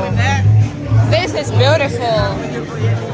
beautiful. This is beautiful.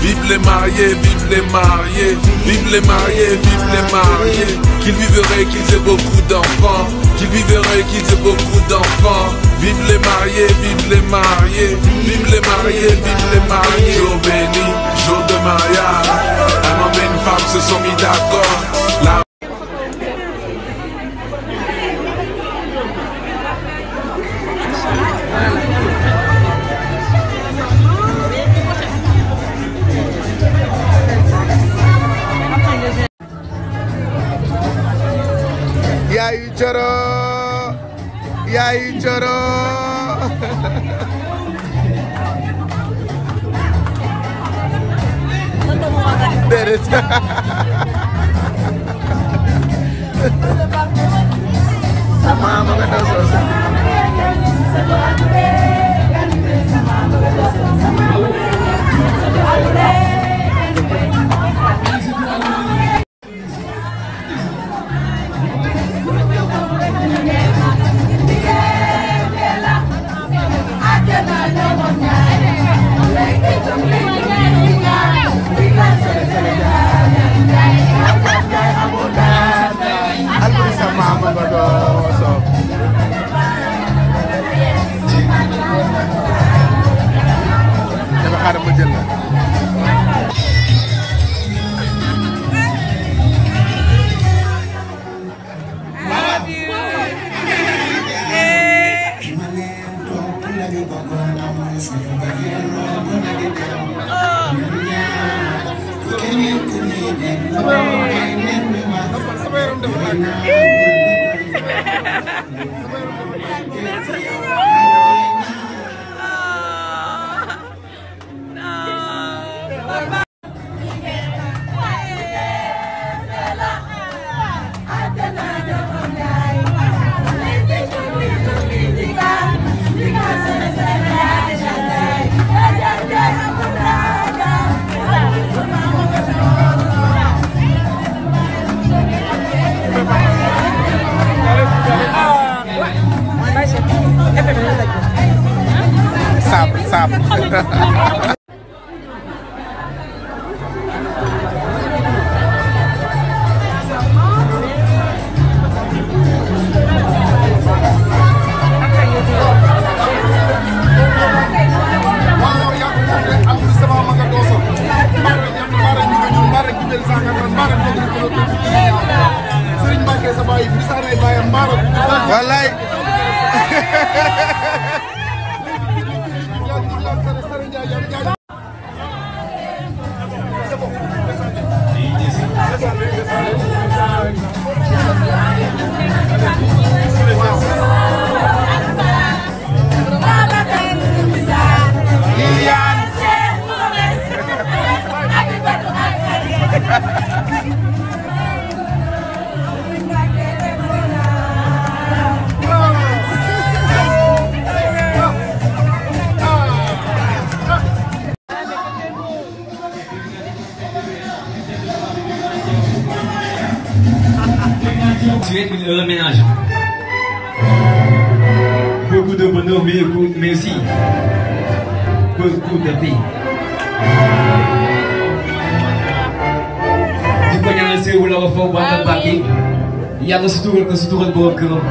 Vive les mariés, vive les mariés, vive les mariés, vive les mariés. Qu'ils vivraient, qu'ils aient beaucoup d'enfants, qu'ils vivraient, qu'ils aient beaucoup d'enfants. Vive les mariés, vive les mariés, vive les mariés, vive les mariés. Jour béni, jour de mariage. Un homme et une femme se sont mis d'accord. La... Yeah, you Yaay Coro déedéet sama ma nga daw soosu jël la constituer une heure ménage. Beaucoup de bonheur, mais aussi beaucoup de paix. di ko ñaanal sëy wu la ko foofu wàllu mbàkk yi yàlla sutural ko sutural borom këram.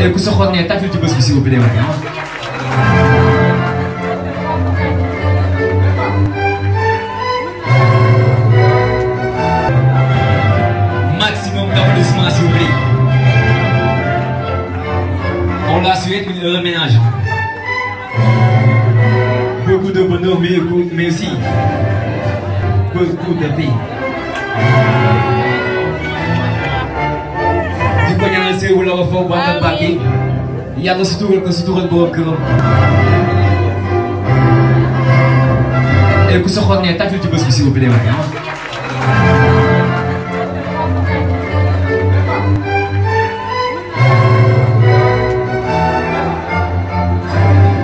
et ku soxla ne tàccul ci bés bi si wu bi demee ah. souhaite une heure ménage. Beaucoup de bonheur, mais aussi beaucoup de paix. di ko ñaanal sëy wu la ko foofu wàllu mbàkk yi yàlla sutural ko sutural borom këram. et ku soxla ne tàccul ci bés bi si wu bi demee ah.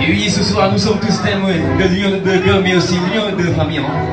Et oui, ce soir, nous sommes tous témoins de l'union de deux cœurs, mais aussi l'union de deux familles. Hein.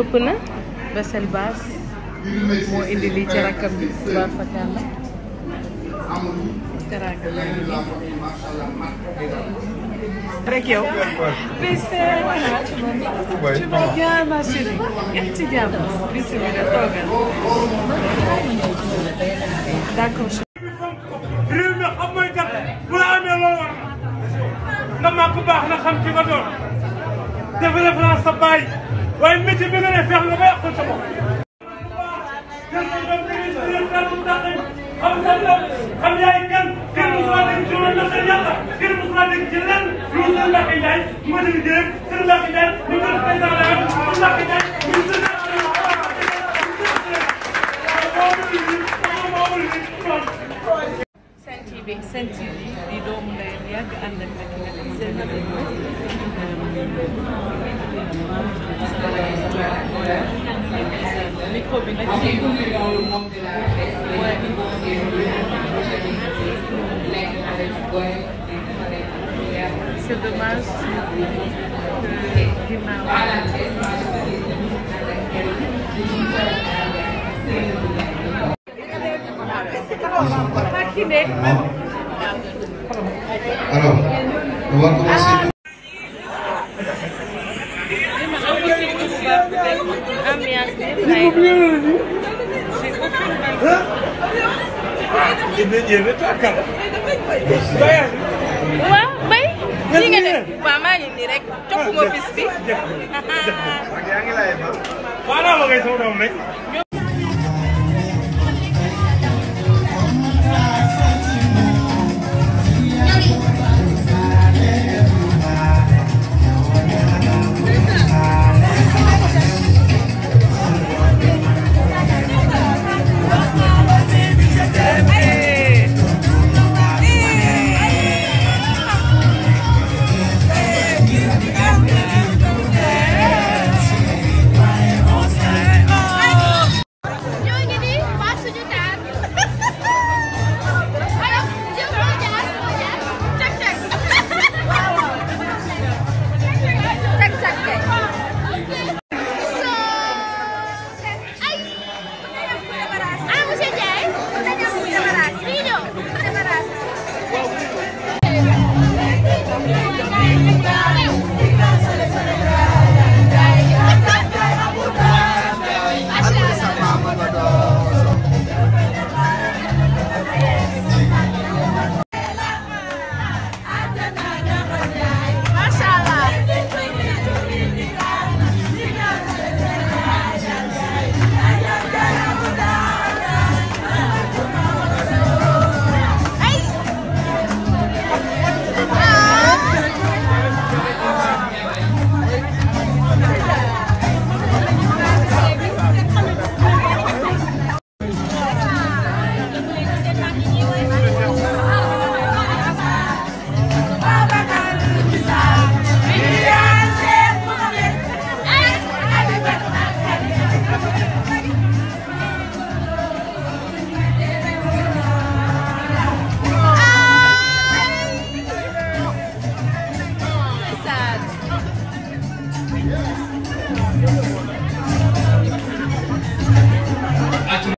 ëpp na Bessel Bass moo indi lii ci rakkam bi tubaab fakar la teraanga la rek yow la amee loo war nga màgg baax na xam ci waaye métier bi nga ne feex nga ba yàqal sa expo bi nag. c'est dans le monde de la presse. mooy bi boo xam ne nekk avec boy nekk avec c'est dommage. ginnaaw à la presse avec elle. Alors, on va commencer. ambiance bi may waaw bay li nga def waaw maa ngi nii rek jokkuma bis bi.